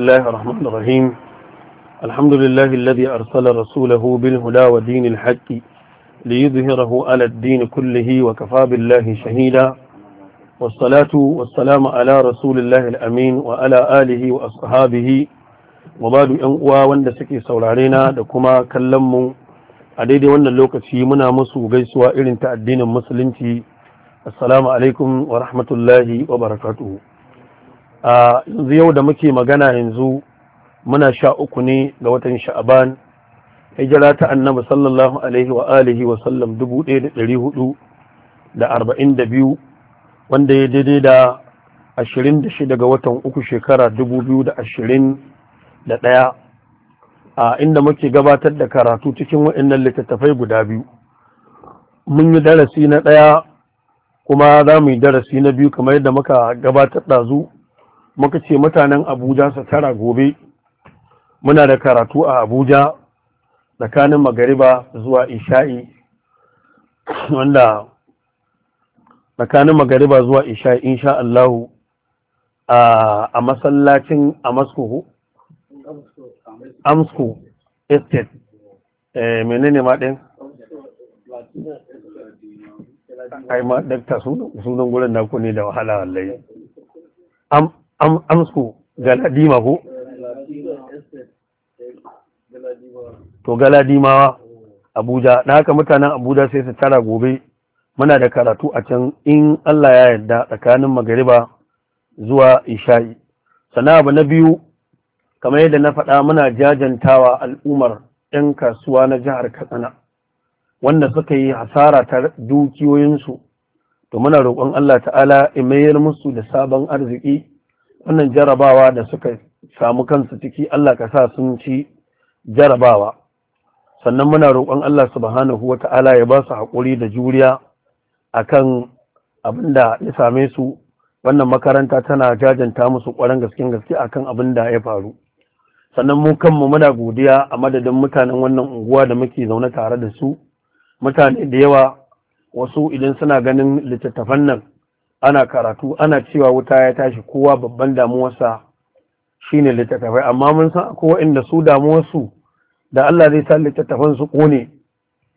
الله الرحمن الرحيم الحمد لله الذي أرسل رسوله بالهدى ودين الحق ليظهره على الدين كله وكفى بالله شهيدا والصلاة والسلام على رسول الله الأمين وعلى آله وأصحابه وبعد أنقوى وند سكي سولارينا دكما كلمو أديدي وند اللوكسي منا مسو غيسوا إلين تأدين المسلمتي السلام عليكم ورحمة الله وبركاته a yanzu yau da muke magana yanzu muna sha uku ne ga watan sha'aban hijira ta annabi sallallahu alaihi wa alihi wa sallam dubu ɗaya da ɗari hudu da arba'in da biyu wanda ya daidai da ashirin da shida ga watan uku shekara dubu biyu da ashirin da ɗaya a inda muke gabatar da karatu cikin waɗannan littattafai guda biyu mun yi darasi na ɗaya kuma za mu yi darasi na biyu kamar yadda muka gabatar ɗazu muka ce mutanen abuja su tara gobe muna da karatu a abuja tsakanin magariba zuwa isha'i wanda tsakanin magariba zuwa isha'i insha Allah a masallacin amaskuhu amsku estate eh, menene ma ɗin ai ma ɗakta sunan gurin na ne da wahala wallahi amsu galadima ko to galadimawa abuja da haka mutanen abuja sai su tara gobe muna da karatu a can in allah ya yarda tsakanin magariba zuwa isha'i sana abu na biyu kamar yadda na faɗa muna jajantawa al'umar 'yan kasuwa na jihar katsina wanda suka yi hasara ta dukiyoyinsu to muna roƙon allah ta'ala mayar musu da sabon arziki wannan jarabawa da suka samu kansu ciki Allah ka sa sun ci jarabawa sannan muna roƙon Allah subhanahu wata'ala ya ba su haƙuri da juriya akan abin da ya same su wannan makaranta tana jajanta musu ƙwarin gaske gaske akan abin da ya faru sannan mu kanmu muna godiya a madadin mutanen wannan unguwa da muke zaune tare da su mutane da yawa wasu idan suna ganin littattafan nan ana karatu ana cewa wuta ya tashi kowa babban damuwarsa shine littattafai amma mun san akwai waɗanda su damuwarsu da Allah zai sa littattafan su kone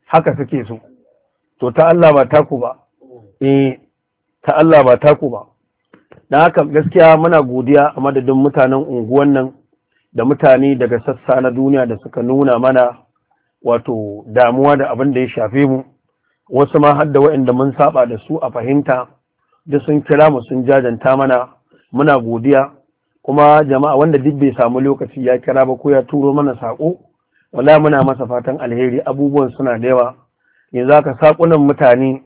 haka suke so to ta Allah ba taku ba eh ta Allah ba taku ba dan haka gaskiya muna godiya a madadin mutanen unguwan nan da mutane daga sassa na duniya da suka nuna mana wato damuwa da abin da ya shafe mu wasu ma har da waɗanda mun saba da su a fahimta duk sun kira mu sun jajanta mana muna godiya kuma jama'a wanda duk bai samu lokaci ya kira ba ko ya turo mana sako wala muna masa fatan alheri abubuwan suna da yawa yanzu haka sakunan mutane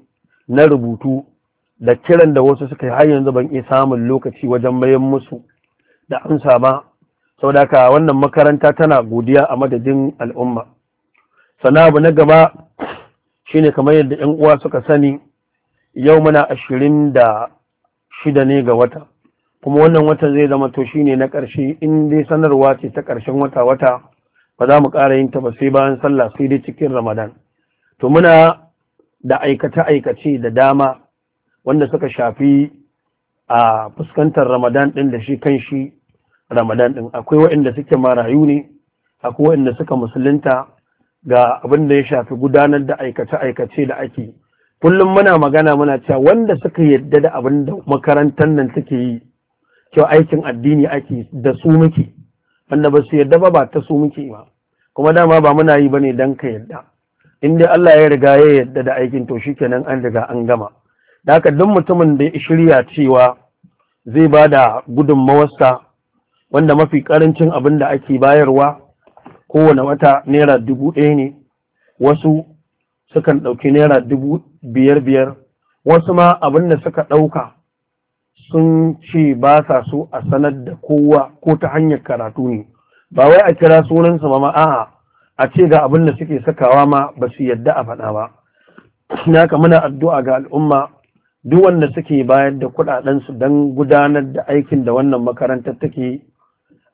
na rubutu da kiran da wasu suka yi har yanzu ban iya samun lokaci wajen mayan musu da amsa ba saboda haka wannan makaranta tana godiya a madadin al'umma sana abu na gaba shine kamar yadda 'yan uwa suka sani yau muna ashirin da shida ne ga wata kuma wannan watan zai zama to shine na ƙarshe in dai sanarwa ce ta ƙarshen wata wata ba za mu ƙara yin ta ba sai bayan sallah sai dai cikin ramadan to muna da aikace aikace da dama wanda suka shafi a fuskantar ramadan ɗin da shi kan shi ramadan ɗin akwai waɗanda suke marayu ne akwai waɗanda suka musulunta ga abin da ya shafi gudanar da aikace aikace da ake kullum muna magana muna cewa wanda suka yadda da abin da makarantar nan suke yi cewa aikin addini ake da su muke wanda ba su yadda ba ba ta su muke ba kuma dama ba muna yi bane dan ka yadda in dai Allah ya riga ya yadda da aikin to shikenan an riga an gama da haka duk mutumin da ya shirya cewa zai ba da gudunmawarsa wanda mafi karancin abin da ake bayarwa kowane wata naira dubu ɗaya ne wasu sukan ɗauki naira dubu biyar biyar wasu ma abin da suka ɗauka sun ce ba sa so a sanar da kowa ko ta hanyar karatu ne ba wai a kira sunansa ba ma'aha, a ce ga abin da suke sakawa ma ba su yadda a faɗa ba na ka muna addu'a ga al'umma duk wanda suke bayar da kuɗaɗensu don gudanar da aikin da wannan makarantar take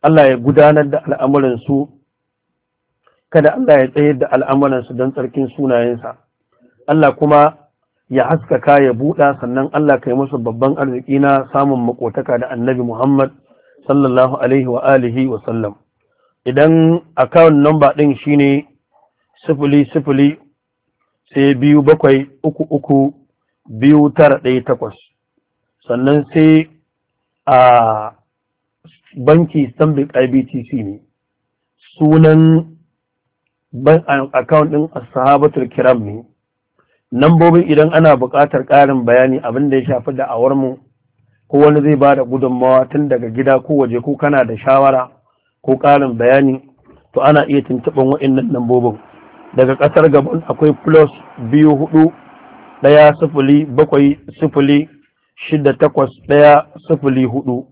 Allah ya gudanar da al'amuransu kada Allah ya tsayar da al'amuransu don tsarkin sunayensa Allah kuma ya haskaka ya buɗa sannan Allah kai masa babban arziki na samun makotaka da annabi Muhammad sallallahu alaihi wa alihi wa sallam idan account number ɗin ne sifili sifili sai biyu bakwai uku uku biyu tara ɗaya takwas sannan sai a banki stanbic ibtc ne sunan ban account din ashabatul kiram ne nambobin idan ana buƙatar ƙarin bayani abin da ya shafi da'awar mu ko wani zai ba da gudunmawa tun daga gida ko waje ko kana da shawara ko ƙarin bayani to ana iya tuntuɓin waɗannan lambobin daga ƙasar gabon akwai plus biyu hudu ɗaya sifili bakwai sifili shida takwas ɗaya sifili hudu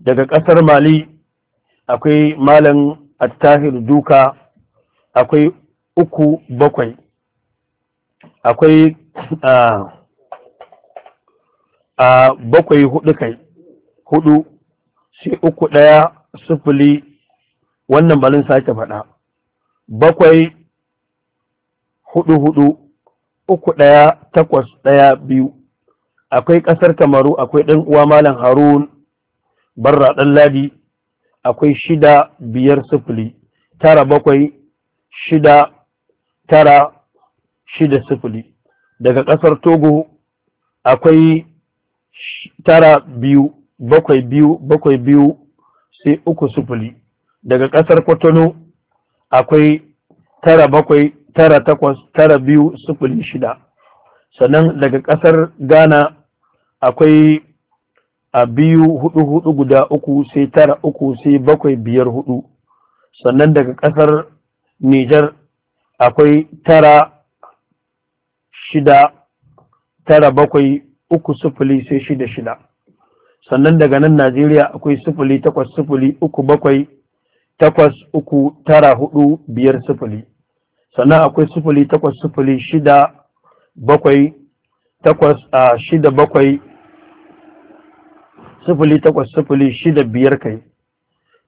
daga ƙasar mali akwai malam attahir duka akwai uku bakwai akwai a ah, ah, bakwai hudu kai hudu sai uku ɗaya sufuli wannan balin sake faɗa bakwai hudu hudu uku ɗaya takwas ɗaya biyu akwai ƙasar kamaru akwai ɗan uwa malam harun barra dan ladi akwai shida biyar sufuli tara bakwai shida tara shida sifili daga ƙasar togo akwai tara biyu bakwai biyu bakwai biyu sai uku sifili daga ƙasar kwatano akwai tara bakwai tara takwas tara biyu sifili shida sannan daga ƙasar ghana akwai a biyu hudu hudu guda uku sai tara uku sai bakwai biyar hudu sannan daga ƙasar Nijar akwai tara shida tara bakwai uku sufuli sai shida shida sannan daga nan Najeriya akwai sufuli takwas sufuli uku bakwai takwas uku tara hudu biyar sufuli sannan akwai sufuli takwas sufuli shida bakwai takwas a shida bakwai sufuli takwas sufuli shida biyar kai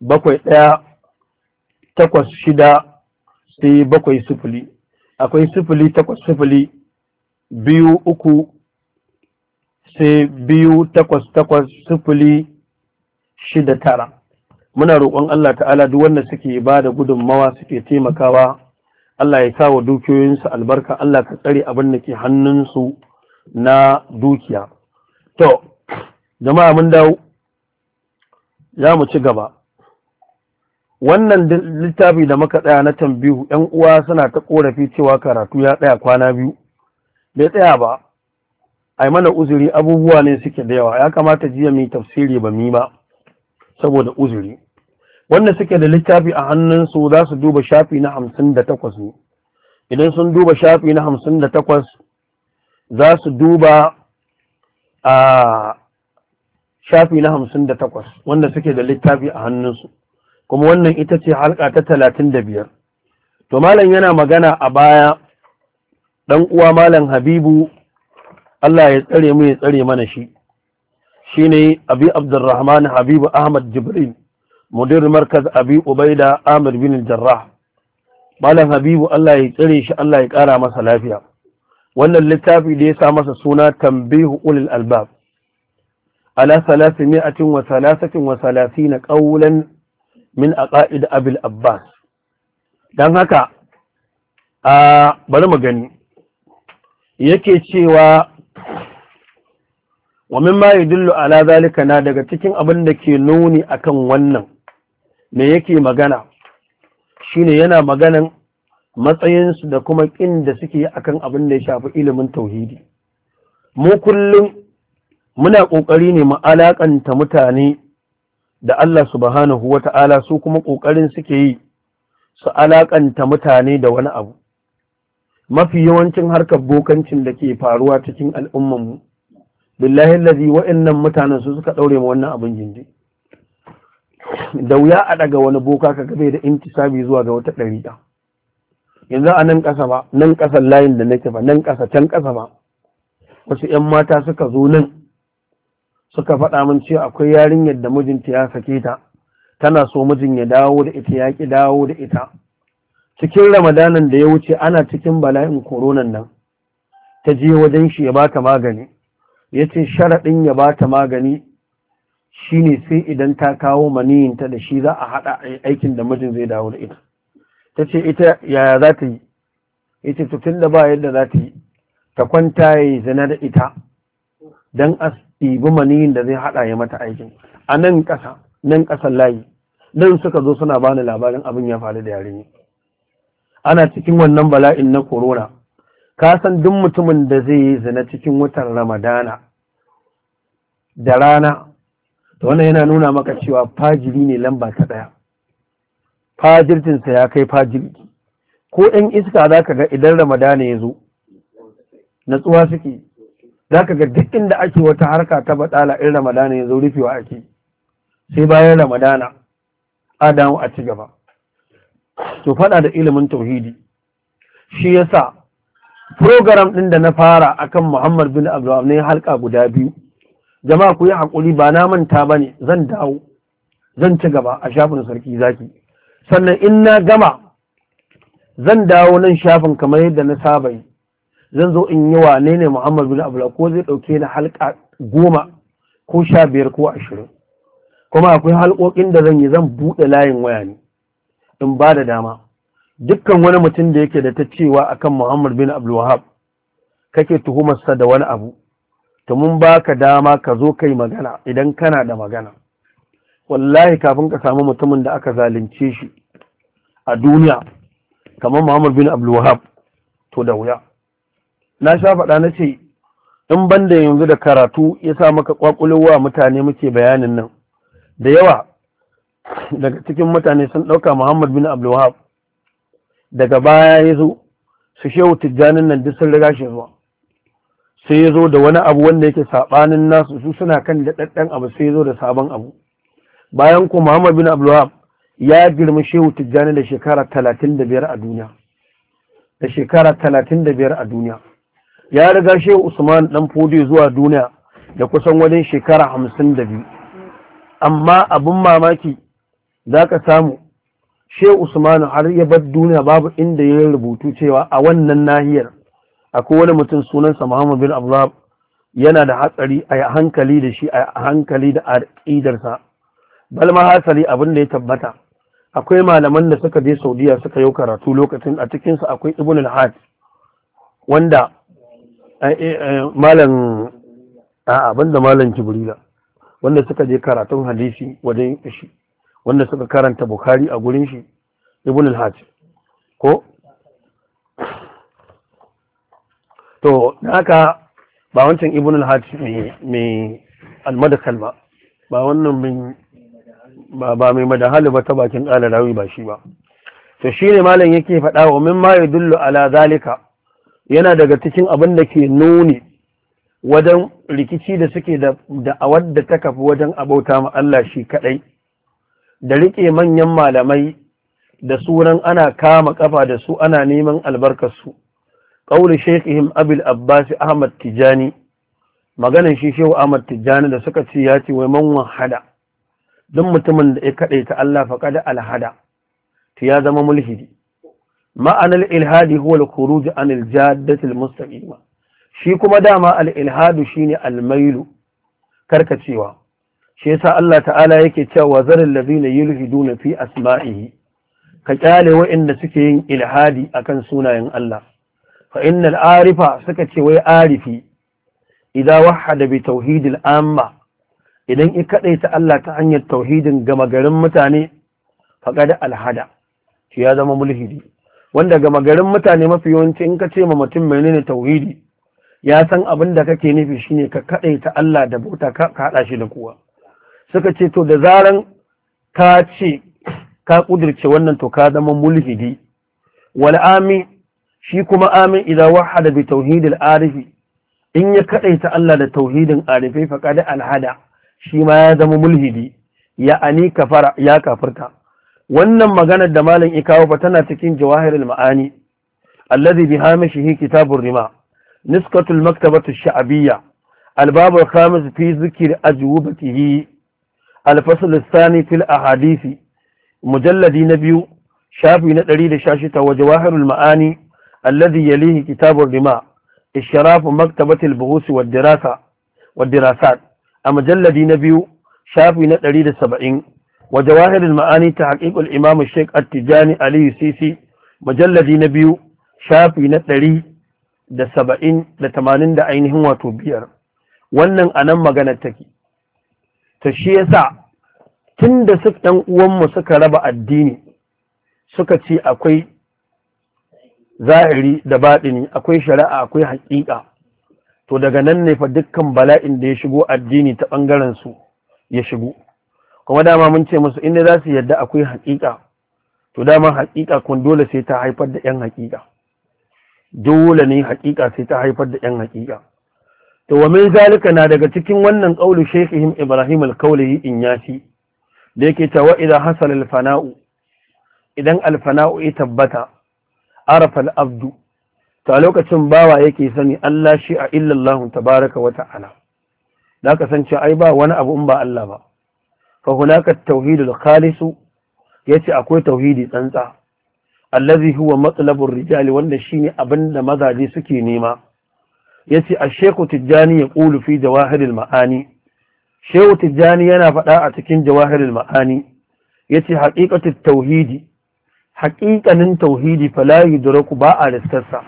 bakwai ɗaya takwas shida sai bakwai sifili akwai sifili takwas sifili biyu uku sai biyu takwas takwas sifili shida tara muna roƙon Allah ta'ala duk wanda suke ba da gudunmawa suke taimakawa Allah ya kawo dukiyoyinsu albarka Allah ka tsare abin da ke hannunsu na dukiya to jama'a mun dawo za mu ci gaba wannan littafi da muka tsaya na tambihu yan uwa suna ta korafi cewa karatu ya tsaya kwana biyu bai tsaya ba ai mana uzuri abubuwa ne suke da yawa ya kamata jiya mai tafsiri ba mi ba saboda uzuri wanda suke da littafi a hannunsu za su duba shafi na hamsin da takwas ne idan sun duba shafi na hamsin da takwas za su duba a shafi na hamsin da takwas wanda suke da littafi a hannunsu kuma wannan ita ce halka ta talatin da biyar to malam yana magana a baya ɗan uwa malam habibu Allah ya tsare mu ya tsare mana shi shine abi abdurrahman habibu ahmad jibril mudir markaz abi ubaida amir bin jarrah malam habibu Allah ya tsare shi Allah ya ƙara masa lafiya wannan littafi da ya sa masa suna tambihu ulil albab ala salasin mi'atin wa salasatin wa salasina qawlan min ƙa’id abil abbas Don haka a bari mu gani yake cewa wa mimma yadullu ala zalika na daga cikin abin da ke nuni akan wannan me yake magana shine yana maganan matsayinsu da kuma ƙin da suke akan abin da ya shafi ilimin tauhidi mu kullum muna ƙoƙari ne mu alaƙanta mutane da Allah subhanahu wa ta'ala su kuma ƙoƙarin suke yi su alaƙanta mutane da wani abu. Mafi yawancin harkar bokancin da ke faruwa cikin al'ummanmu, billahi lazi wa'innan mutanen su suka ɗaure ma wannan abin jinji. Da wuya a ɗaga wani boka ka gabe da sabi zuwa ga wata ɗari'a. Yanzu a nan ƙasa ba, nan ƙasan layin da nake ba, nan ƙasa, can ƙasa ba. Wasu ‘yan mata suka zo nan suka faɗa min cewa akwai yarinyar da mijinta ya sake ta tana so mijin ya dawo da ita ya ƙi dawo da ita cikin ramadanan da ya wuce ana cikin bala'in koronan nan ta je wajen shi ya bata magani ya ce sharaɗin ya bata magani shine sai idan ta kawo maniyinta da shi za a haɗa aikin da mijin zai dawo da ita ta ce ita yaya za ta yi ita tutun da ba yadda za ta yi ta kwanta ya yi zina da ita don ɗibi maniyin da zai haɗa ya mata aikin a nan ƙasa nan ƙasan layi nan suka zo suna bani labarin abin ya faru da yarinya ana cikin wannan bala'in na korona. ka san duk mutumin da zai yi zina cikin watan ramadana da rana to wannan yana nuna maka cewa fajiri ne lamba ta ɗaya fajirtinsa ya kai fajiri ko ɗan iska za ka ga idan ramadana ya zo natsuwa suke za ka ga duk inda ake wata harka ta baɗala in ramadana ya zo rufewa ake sai bayan ramadana adamu a ci gaba to faɗa da ilimin tauhidi shi yasa program ɗin da na fara akan muhammad bin abdullahi ne halka guda biyu jama'a ku yi haƙuri ba na manta ba ne zan dawo zan ci gaba a shafin sarki zaki sannan in na gama zan dawo nan shafin kamar yadda na saba yi zan zo in yi wane ne muhammad bin abdullah ko zai ɗauke ni halka goma ko sha biyar ko ashirin kuma akwai halkokin da zan yi zan bude layin waya ne in ba da dama dukkan wani mutum da yake da ta cewa akan muhammad bin Wahab kake tuhumarsa da wani abu to mun baka dama ka zo kai magana idan kana da magana wallahi kafin ka samu mutumin da aka zalunce shi a duniya kamar muhammad bin abdulwahab to da wuya na sha faɗa na ce in banda yanzu da karatu ya sa maka ƙwaƙulowa mutane muke bayanin nan da yawa daga cikin mutane sun ɗauka muhammad bin abdulwahab daga baya ya zo su shehu tijjanin nan duk sun riga shi zuwa sai ya zo da wani abu wanda yake saɓanin nasu su suna kan daɗaɗɗen abu sai ya zo da sabon abu bayan ku muhammad bin abdulwahab ya girma shehu tijjani da shekara talatin da biyar a duniya da shekara talatin da biyar a duniya ya riga shehu usman dan fodi zuwa duniya da kusan wajen shekara hamsin da biyu amma abin mamaki zaka samu shehu usman har ya bar duniya babu inda ya rubutu cewa a wannan nahiyar akwai wani mutum sunansa muhammad bin abdullah yana da hatsari a hankali da shi a hankali da aƙidarsa balma hasali abin da ya tabbata akwai malaman da suka je saudiya suka yi karatu lokacin a cikinsa akwai ibn al-hajj wanda Eh, eh, malam a'a banda malam jibrila wanda suka je karatun hadisi wajen shi wanda suka karanta bukhari a gurin shi ibn al-hajj ko to haka ba wancan ibn al-hajj mai al-madkhal ba ba wannan min ba ba mai madahali ba ta bakin rawi ba shi ba to shine malam yake faɗa wa mimma yadullu ala zalika yana daga cikin abin da ke nuni wajen rikici da suke da da'awar da ta kafi wajen abauta ma Allah shi kaɗai da riƙe manyan malamai da sunan ana kama kafa da su ana neman albarkarsu ƙauli shekihim abil Abbas ahmad tijani maganin shi shehu ahmad tijani da suka ce ya ce wai man hada duk mutumin da ya kaɗai ta Allah faƙa da alhada ta ya zama mulhidi ma'anar ilhadi huwa al-khuruj an al mustaqima shi kuma dama al-ilhadu shine al-mailu karkacewa shi yasa Allah ta'ala yake cewa zaril ladina yulhiduna fi asma'ihi ka kyale wa'anda suke yin ilhadi akan sunayen Allah fa innal arifa suka ce wai arifi idza wahada bi tauhidil amma idan i kadaita Allah ta hanyar tauhidin gama garin mutane faqad alhada shi ya zama mulhidi wanda gama garin mutane mafi yawanci in ka ce ma mutum menene tauhidi ya san abin da kake nufi shine ka kaɗai ta Allah da bauta ka haɗa shi da kuwa, suka ce to da zaran ka ce ka kudirce wannan to ka zama mulhidi wal amin shi kuma amin idza wahada bi tauhidil arifi in ya ta Allah da tauhidin arifai faqad alhada shi ma ya zama mulhidi ya ani fara ya kafirta wannan maganar da malam ya kawo tana cikin jawahirul ma'ani allazi biha mashihi kitabur rima nisqatul maktabatu sha'abiyya albabar al-babu al-khamis fi dhikri ajwabatihi al-fasl ath-thani fil ahadith mujalladi shafi na 116 wa jawahirul ma'ani allazi yalihi kitabur rima ash-sharaf maktabatil buhus wad-dirasa wad-dirasat a mujalladi biyu shafi na da saba'in. wa jawahirul ma'ani ta haƙiƙul imamu sheik attijani aliyu sisi mujalladi na biyu shafi na ɗari da saba'in da tamanin da ainihin wato biyar wannan a nan maganar take ta shi yasa tun da su ɗan uwanmu suka raba addini suka ce akwai zahiri da baɗi baɗini akwai shari'a akwai haƙiƙa to daga nan ne fa dukkan bala'in da ya shigo addini ta ɓangaren su ya shigo kuma dama mun ce musu inda za su yadda akwai haƙiƙa to dama haƙiƙa kun dole sai ta haifar da 'yan haƙiƙa dole ne haƙiƙa sai ta haifar da 'yan haƙiƙa to wa min zalika na daga cikin wannan qaulu shaykhihim ibrahim al-qawli in yasi da yake ta wa idan hasala al-fana'u idan al-fana'u ya tabbata arafa al-abdu to a lokacin bawa yake sani Allah shi a illallahu tabaraka wa ta'ala da ka san cewa ai ba wani abu in ba Allah ba fa hunaka tauhidul khalisu yace akwai tauhidi tsantsa allazi huwa matlabur rijali wanda shine abinda mazaje suke nema yace Shehu Tijjani ya yaqulu fi jawahiril ma'ani shehu tijjani yana faɗa a cikin jawahirul ma'ani yace haqiqatut tauhidi Haƙiƙanin tauhidi fala yudraku ba a riskarsa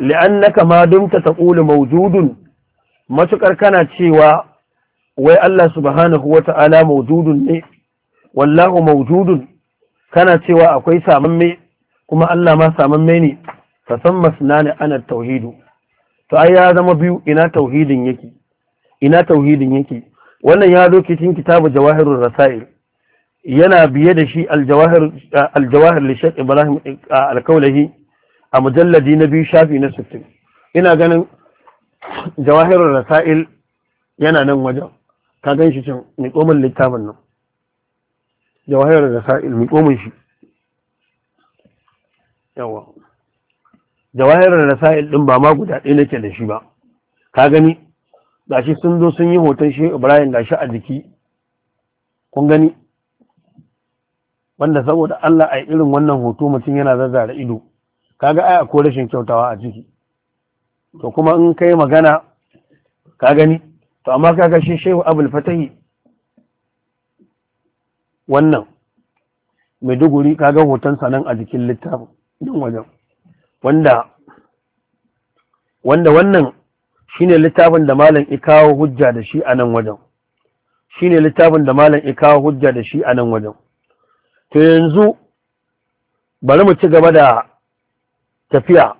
li'annaka ma dumta taqulu mawjudun matukar kana cewa wai Allah subhanahu wa ta'ala maududun ne wallahu maududun kana cewa akwai samamme kuma Allah ma samamme ne ka san ne ana tauhidu to ai ya zama biyu ina tauhidin yake ina tauhidin yake wannan ya zo cikin kitabu jawahirul rasail yana biye da shi aljawahir aljawahir Ibrahim shaykh ibrahim alkaulahi a mujalladi na biyu shafi na sittin. ina ganin jawahirul rasail yana nan wajen ka gan shi can miƙo min littafin nan Da wahayar da sa'il miƙo min shi yawa jawahir da sa'il ɗin ba ma guda ɗaya nake da shi ba ka gani gashi sun zo sun yi hoton shi ibrahim gashi a jiki kun gani wanda saboda Allah a irin wannan hoto mutum yana zazzara ido kaga ai akwai rashin kyautawa a ciki to kuma in kai magana ka gani to amma kaga shi shehu abul fatahi wannan maiduguri kaga hoton nan a jikin littafin nan wajen wanda wanda wannan shine littafin da malam ikawo hujja da shi a nan wajen shine littafin da malam ikawo hujja da shi a nan wajen to yanzu bari mu ci gaba da tafiya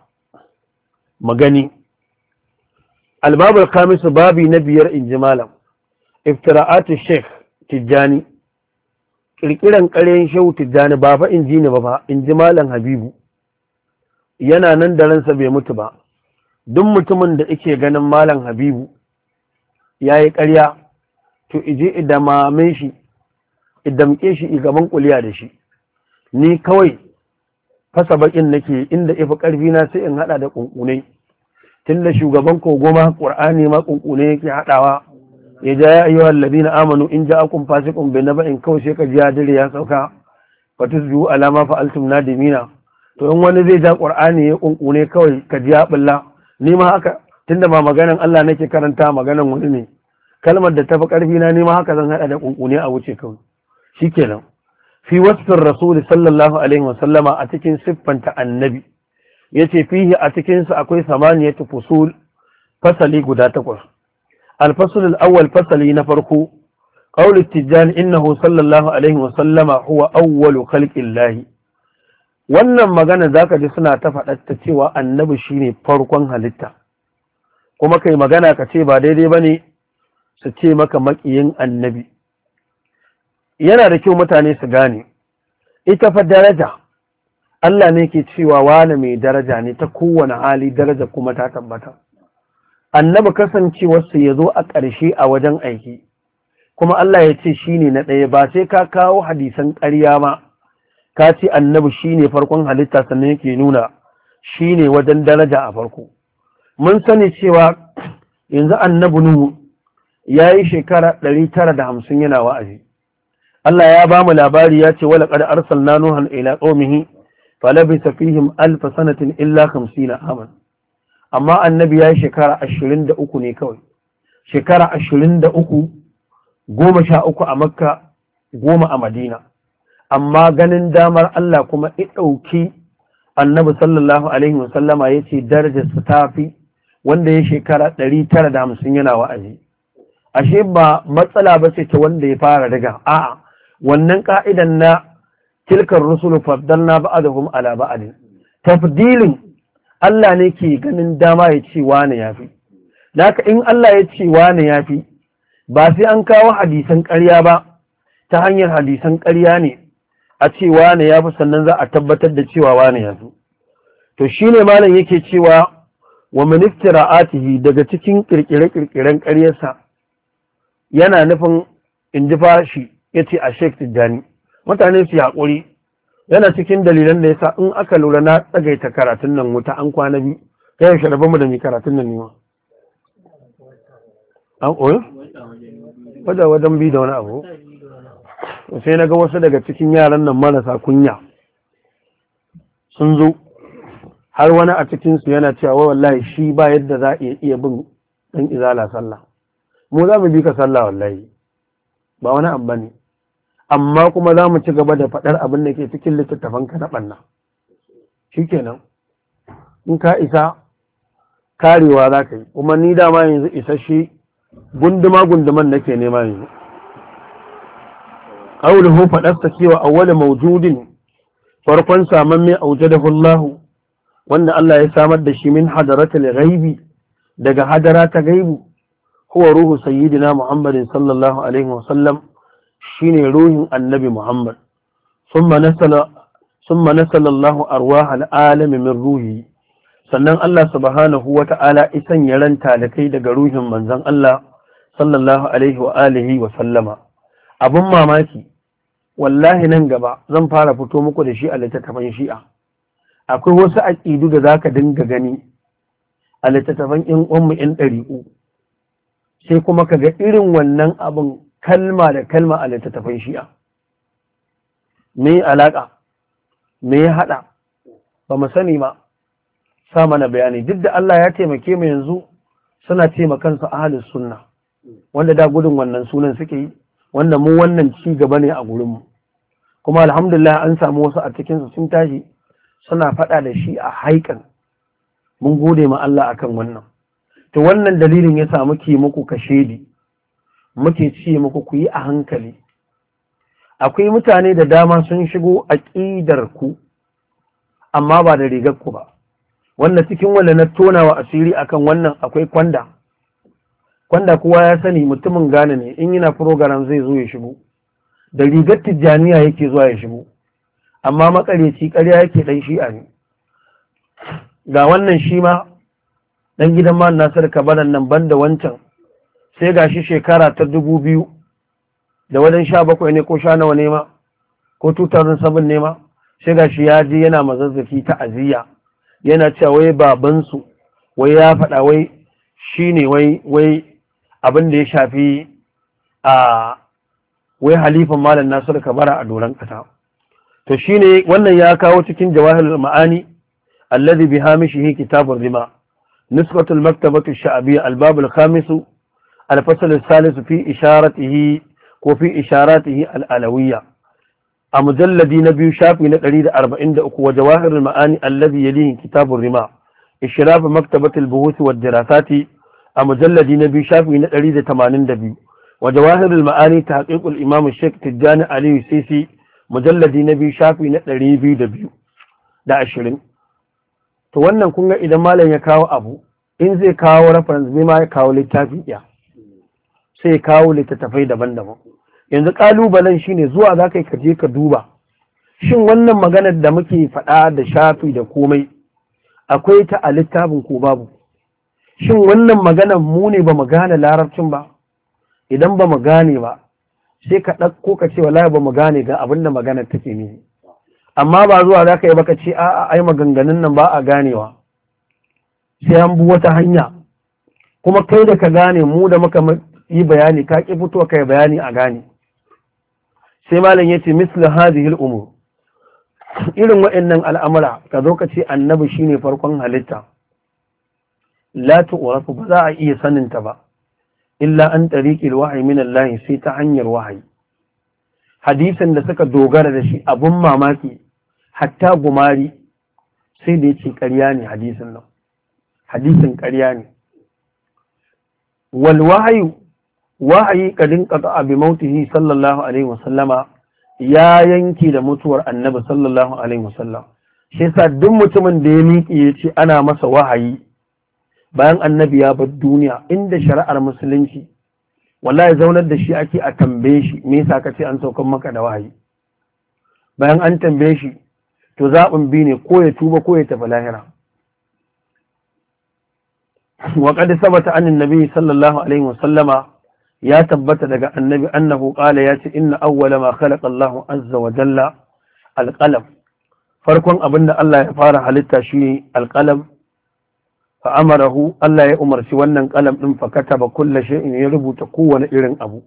magani albabul kamisu babi na biyar Inji malam iftira'atu Shekh tijjani ƙirƙiran ƙaryen shehu tijjani ba fa in ji ni ba fa Inji malam habibu yana nan da ransa bai mutu ba duk mutumin da yake ganin malam habibu ya yi ƙarya to ije idamamin shi idamke shi gaban kuliya da shi ni kawai fasa baƙin nake inda ifi ƙarfi na sai in haɗa da ƙunƙunai tun da shugaban kogoma ƙur'ani ma ƙunƙune yake haɗawa ya ja ya ayyuha na amanu in ja'akum fasiqun bi naba'in kawai sai ka ji ya dare ya sauka fa alama fa ma na dimina. to in wani zai ja ƙur'ani ya ƙunƙune kawai ka ji ya bulla ni ma haka tunda ba maganan Allah nake karanta maganan wani ne kalmar da ta fi ƙarfi na nima haka zan haɗa da ƙunƙune a wuce kawai shikenan fi wasfin rasuli sallallahu alaihi wasallama a cikin siffanta annabi Ya ce, fihi a cikin akwai samaniyatu fusul fasali guda takwas al-fasl fasali na farko قول Tijjani, innahu صلى الله عليه وسلم هو أول خلق wannan magana za ka ji suna ta faɗatta cewa annabi shi ne farkon halitta kuma kai magana ka ce ba daidai ba ne su ce maka maƙiyin annabi yana da kyau mutane su gane ita fa daraja Allah ne ke cewa wani mai daraja ne ta kowane hali daraja kuma ta tabbata annabi kasancewarsa ya zo a ƙarshe a wajen aiki kuma Allah ya ce shi ne na ɗaya ba sai ka kawo hadisan ƙarya ma ka ce annabi shi ne farkon halitta sannan yake nuna shi ne wajen daraja a farko mun sani cewa yanzu annabi nuhu ya yi shekara ɗari tara da hamsin yana wa'azi Allah ya ba mu labari ya ce wala arsal na nuhan ila ƙaumihi Falabi safihim alfa sanatin illa kamsina aman amma annabi ya yi shekara ashirin da uku ne kawai shekara ashirin da uku goma sha uku a makka goma a madina amma ganin damar Allah kuma ya ɗauki annabi sallallahu alaihi wasallama ya ce darajarsa wanda ya shekara ɗari tara da hamsin yana wa'azi ashe ba matsala ba ce ta wanda ya fara daga a'a wannan ka'idan na tilkar rusulu faddalna ba'dahum ala ba'd tafdilin Allah ne ke ganin dama ya ce wani yafi naka in Allah ya ce wani yafi ba sai an kawo hadisan karya ba ta hanyar hadisan ƙarya ne a ce wani yafi sannan za a tabbatar da cewa wani yafi to shine malam yake cewa wa ministira atihi daga cikin kirkire-kirkiren ƙaryarsa yana nufin in ji fashi ya ce a Sheikh tijjani mutane su haƙuri yana cikin dalilan da ya sa in aka lura na tsagaita karatun nan wuta an kwana biyu kai yaushe da mu da ni karatun nan ne an koyo wajen wajen bi da wani abu sai na ga wasu daga cikin yaran nan marasa kunya sun zo har wani a cikinsu yana cewa wa wallahi shi ba yadda za a iya bin dan izala sallah mu za mu bi ka sallah wallahi ba wani abu ne amma kuma za mu ci gaba da faɗar abin da ke cikin littattafan ka na ɓanna shi kenan in ka isa karewa za ka yi kuma ni dama yanzu isasshe gunduma gunduman nake nema yanzu qawluhu faɗasta cewa wani maujudin farkon saman mai da Hullahu, wanda Allah ya samar da shi min hadaratul ghaibi daga hadara ta gaibu huwa ruhu sayyidina Muhammadin sallallahu alaihi wa sallam shine ruhin annabi Muhammad summa nasala Allahu arwahal alami min ruhi sannan Allah subhanahu wata'ala isan ya ranta da kai daga ruhin manzon Allah sallallahu alaihi wa alihi wa sallama abun mamaki wallahi nan gaba zan fara fito muku da shi a littattafan shi'a akwai wasu aƙidu da za ka dinga gani a littattafan 'yan uwanmu 'yan ɗari'u sai kuma ka ga irin wannan abin kalma da kalma a littattafan shi'a me alaƙa me ya haɗa ba mu sani ma sa mana bayani duk da Allah ya taimake mu yanzu suna su ahalus sunna wanda da gudun wannan sunan suke yi wanda mu wannan ci gaba ne a gurinmu kuma alhamdulillah an samu wasu a cikin cikinsu sun tashi suna faɗa da shi a haikan mun gode ma Allah akan wannan to wannan dalilin ya samu ke muku kashedi muke ce muku ku yi a hankali akwai mutane da dama sun shigo aƙidar ku amma ba da rigar ku ba wanda cikin wanda na tonawa asiri akan wannan akwai kwanda kwanda kowa ya sani mutumin gane ne in yana program zai zo ya shigo da rigar tijjaniya yake zuwa ya shigo amma makareci ƙarya yake ɗan a ne ga wannan shi ma ɗan gidan ma nasar kabaran nan banda wancan sai gashi shekara ta dubu biyu da wajen sha bakwai ne ko sha nawa ne ma ko 2007 ne ma sai gashi ya je yana mazazzafi ta aziya yana cewa wai babansu wai ya faɗa wai shi ne wai wai abin da ya shafi a wai halifan malam nasiru kabara a doron ƙasa to shine wannan ya kawo cikin jawahirul ma'ani alladhi bi hamishihi kitabur rima nusratul maktabatu sha'abiyya albabul khamisu alfasalin salisu fi isharatihi ko fi isharatihi al'alawiyya a mujalladi na biyu shafi na 143 wa jawahirin ma'ani allazi yalihi kitabun rima ishrafa maktabatul buhuth wa dirasati a mujalladi na 182 wa jawahirin ma'ani tahqiqul imam sheikh tijjani aliyu sisi mujalladi na biyu da to wannan kun ga idan malam ya kawo abu in zai kawo reference ne ya kawo littafi ɗaya sai kawo littattafai daban-daban yanzu ƙalubalen shine zuwa za ka yi kaje ka duba shin wannan maganar da muke faɗa da shafi da komai akwai ta a littafin ko babu shin wannan maganar mu ne ba mu gane larabcin ba idan ba mu gane ba sai ka ɗauko ka ce wallahi ba mu gane ga abin da maganar take ne amma ba zuwa za ka yi baka ce a'a ai maganganun nan ba a ganewa sai an bi wata hanya kuma kai da ka gane mu da muka yi bayani ka ƙi fito kai bayani a gane sai malam ya ce hadhihi al-umur irin waɗannan al'amura ka zo ka ce annabi shine farkon halitta la tu'rafu ba za a iya sanin ta ba illa an tariqi wahayi wahyi min sai ta hanyar wahayi hadisin da suka dogara da shi abun mamaki hatta gumari sai da ce ƙarya ne hadisin nan Hadisan ƙarya ne wal wahyu wa'ayi kadin qata bi mautihi sallallahu alaihi wasallama ya yanki da mutuwar annabi sallallahu alaihi wasallam shi yasa duk mutumin da ya miƙe ya ce ana masa wahayi bayan annabi ya bar duniya inda shari'ar musulunci wallahi zaunar da shi ake a tambaye shi me yasa kace an saukan maka da wahayi bayan an tambaye shi to zaɓin bi ne ko ya tuba ko ya tafi lahira wa qad sabata annabi sallallahu alaihi wasallama ya tabbata daga annabi annahu kala ya ce inna awwala ma khalaqa Allahu azza wa jalla alqalam farkon abinda Allah ya fara halitta shi alqalam fa amarahu Allah ya umarci wannan kalam din fa kataba kullu shay'in ya rubuta kowane irin abu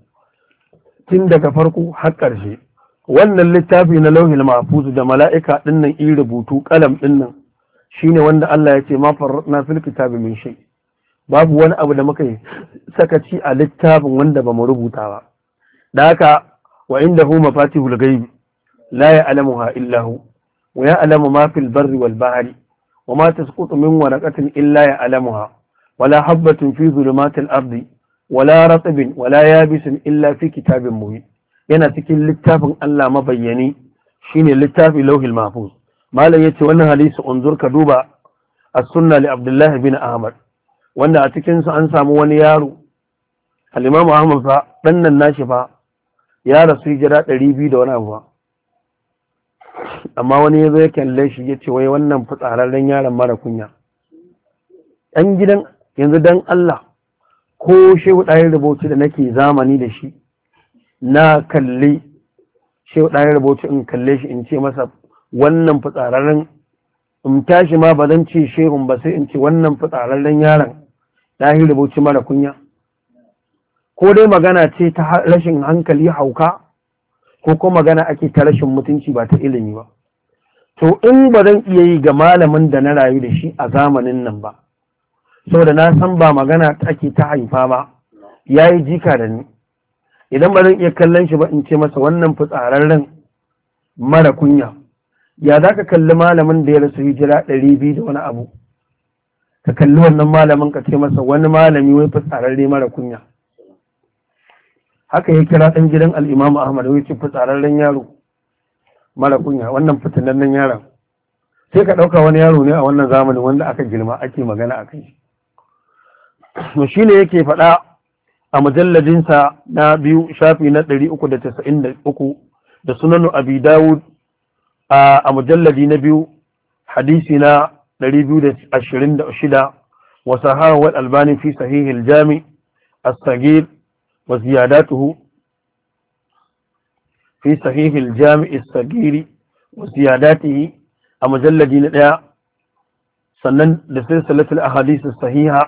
tun daga farko har ƙarshe wannan littafi na lauhil mahfuz da mala'ika dinnan yi rubutu qalam ɗinnan shine wanda Allah ya ce ma farratna fil kitabi min shay babu wani abu da muka yi sakaci a littafin wanda ba mu rubuta ba da haka wa inda hu mafatihul ghaibi la ya'lamuha illa hu wa ya'lamu ma fil barri wal bahri wa ma tasqutu min waraqatin illa ya'lamuha wala habatin fi zulumatil ardi wala ratbin wala yabisin illa fi kitabin mubin yana cikin littafin Allah mabayyani shine littafi lauhil mahfuz malam yace wannan hadisi unzur ka duba as-sunna li Abdullah bin Ahmad wanda a cikinsu an samu wani yaro al'imamu ahmad fa ɗan nan nashi fa ya rasu hijira ɗari biyu da wani abu amma wani ya zo ya kalle shi ya ce wai wannan fitsararren yaron mara kunya ɗan gidan yanzu dan Allah ko shehu ɗayan rubutu da nake zamani da shi na kalli shehu ɗayan rubutu in kalle shi in ce masa wannan fitsararren in tashi ma ba zan ce shehun ba sai in ce wannan fitsararren yaron ɗahi rubuci mara kunya ko dai magana ce ta rashin hankali hauka ko kuma magana ake ta rashin mutunci ba ta ilimi ba to in ba zan iya yi ga malamin da na rayu da shi a zamanin nan ba saboda na san ba magana ake ta haifa ba ya yi jika da ni idan ba zan iya kallon shi ba in ce masa wannan fitsararren mara kunya ya za ka kalli malamin da ya rasu hijira ɗari biyu da wani abu ka kalli wannan malamin ka ce masa wani malami wai fitsararre mara kunya haka ya kira ɗan gidan al'imam ahmad wai ce fitsararren yaro mara kunya wannan fitinannen yaron sai ka ɗauka wani yaro ne a wannan zamanin wanda aka girma ake magana a kai shi ne yake faɗa a mujalladinsa na biyu shafi na 393 da sunanu abi dawud a mujalladi na biyu hadisi na 226 وصحاوه الالباني في صحيح الجامع الصغير وزياداته في صحيح الجامع الصغير وزياداته المجلد الاولى sannan da silsilatul ahadith sahiha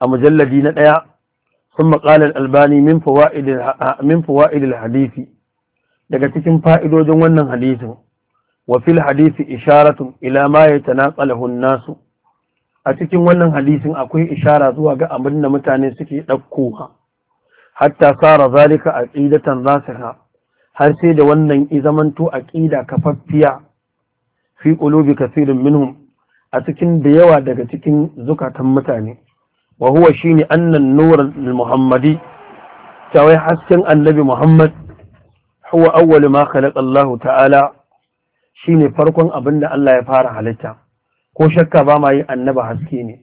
a mujalladi na daya kuma qala albani min fawaid min fawaid daga cikin fa'idodin wannan hadisin wa fil hadisi isharatun ila ma yatanaqalahu an-nasu a cikin wannan hadisin akwai ishara zuwa ga abin da mutane suke ɗaukowa hatta sara zalika aqidatan rasiha har sai da wannan i zamanto aqida kafaffiya fi qulubi kaseerin minhum a cikin da yawa daga cikin zukatan mutane wa huwa shine annan nur muhammadi tawai hasken annabi muhammad huwa awwal ma khalaqa Allah ta'ala shine farkon abin da Allah ya fara halitta ko shakka ba ma yi annaba haske ne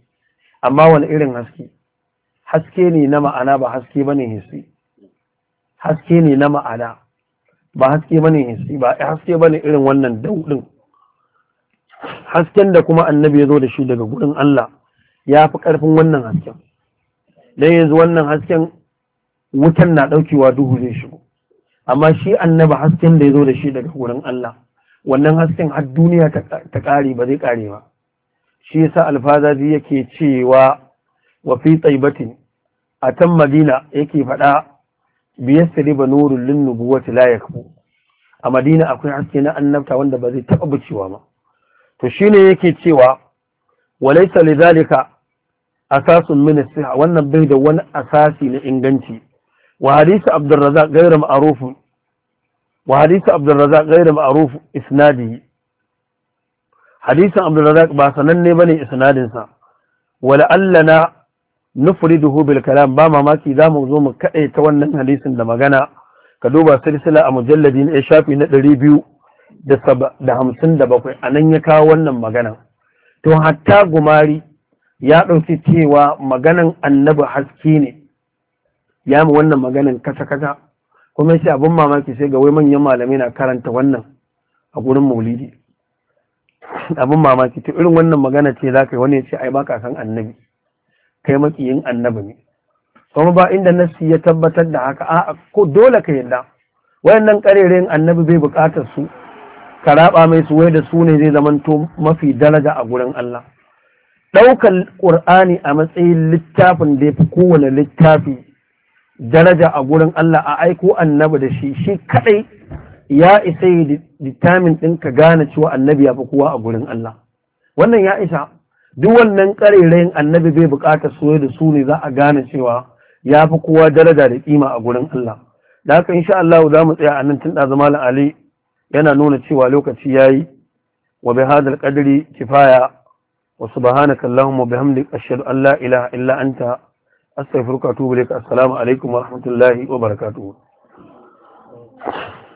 amma wani irin haske haske ne na ma'ana ba haske bane hissi haske ne na ma'ana ba haske bane hissi ba haske bane irin wannan daudin hasken da kuma annabi ya zo da shi daga gudun Allah ya fi ƙarfin wannan hasken dan yanzu wannan hasken wutan na ɗaukewa duhu zai shigo amma shi annaba hasken da ya zo da shi daga gurin Allah wannan hasken har duniya ta ƙare ba zai ƙare ba shi yasa alfazazi yake cewa wa fi tsaibatin a tan madina yake faɗa biyar riba nurun lin nubuwati la yakbu a madina akwai haske na annabta wanda ba zai taɓa bucewa ba to shine yake cewa wa laysa lidhalika asasun min wannan bai da wani asasi na inganci wa hadisi abdurrazzaq ghayr ma'rufun وحديث عبد الرزاق غير معروف إسناده حديث عبد الرزاق باسنن بني إسنادنسا ولعلنا نفرده بالكلام باما ماكي ذا موزوم كأي تونن حديث دمغانا كدوبا سلسلة مجلدين إشافي ندري بيو da hamsin da bakwai a nan ya kawo wannan magana to hatta gumari ya ɗauki cewa maganan annabi haske ne ya mu wannan maganan kasa-kasa kuma shi abin mamaki sai ga wai manyan malamai na karanta wannan a gurin maulidi abin mamaki to irin wannan magana ce za ka yi wani ya ce ai ka san annabi kai makiyin annabi ne kuma ba inda nassi ya tabbatar da haka a ko dole ka yadda wayannan karerin annabi bai bukatar su ka raba mai su wai da su ne zai zamanto mafi daraja a gurin Allah ɗaukar ƙur'ani a matsayin littafin da ya fi kowane littafi daraja a gurin Allah a aiko annabi da shi shi kadai ya isa yi ditamin din ka gane cewa annabi ya fi kowa a gurin Allah wannan ya isa duk wannan karerayin annabi bai bukatar soye da su ne za a gane cewa ya fi kowa daraja da kima a gurin Allah da haka insha Allah za mu tsaya a nan tun da Ali yana nuna cewa lokaci yayi wa bi hadal qadri kifaya wa subhanaka allahumma bihamdika ashhadu an la ilaha illa anta astaghfiruka wa assalamu alaikum wa rahmatullahi wa barakatu.